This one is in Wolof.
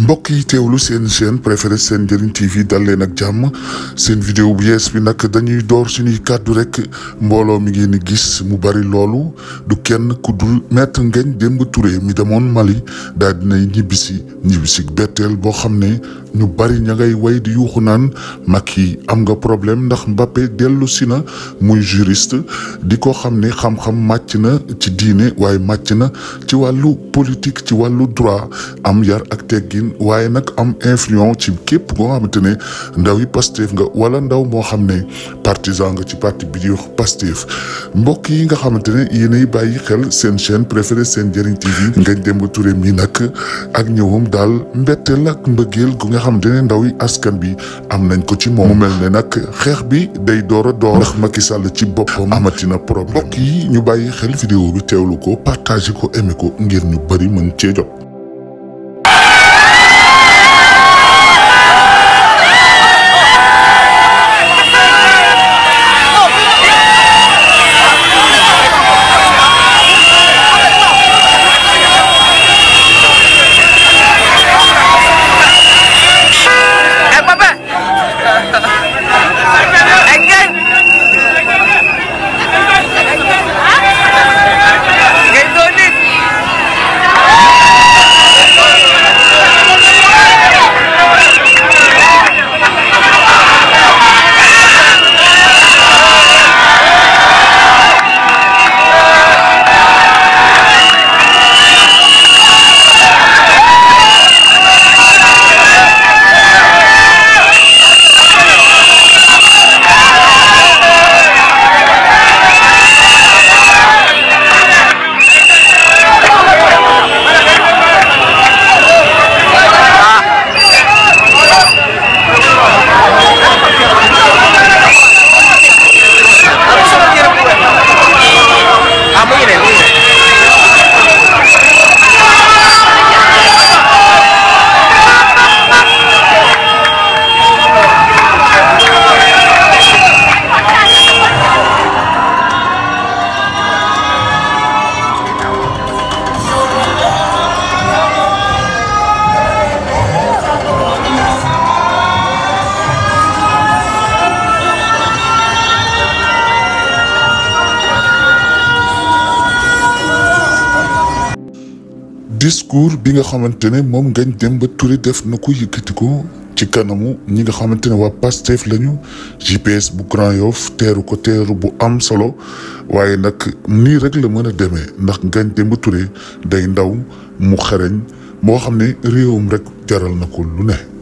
mbokk yi teewlu seen chaîne préféré seen njëriñ TV dal leen ak jàmm seen vidéo bu yees bi nag dañuy door suñuy kàddu rek mbooloo mi ngeen gis mu bari loolu du kenn ku dul maître Ngagne Demba Touré mi demoon Mali daal dinay ñibbisi ñibbisi betteel boo xam ne ñu bari ña ngay way di yuuxu naan Macky am nga problème ndax Mbappé dellu si na muy juriste di ko xam ne xam-xam màcc na ci diine waaye màcc na ci wàllu politique ci wàllu droit am yar ak teggin waaye nag am influence ci képp koo xamante ne ndaw yi Pastef nga wala ndaw moo xam ne partisan nga ci parti bi di wax mbokk yi nga xamante ne yéenay bàyyi xel seen chaîne préférée seen njëriñ TV Ngagne Demba Touré yi nag ak ñëwam daal mbetteel ak mbëggeel gu nga xamante ne ndaw yi askan bi am nañ ko ci moom mel ne nag xeex bi day door a door ndax ki Sall ci boppam amatina problème mbokk yi ñu bàyyi xel vidéo bi teewlu ko partagé ko aimé ko ngir ñu bëri mën cee jot discours bi nga xamante ne moom Ngagne Demba Touré def na ko yëkkati ko ci kanamu ñi nga xamante ne waa Pastef lañu GPS bu Grand Yoff teeru ko teeru bu am solo waaye nag nii rek la mën a demee ndax Ngagne Demba Touré day ndaw mu xereñ moo xam ne réewum rek jaral na ko lu ne.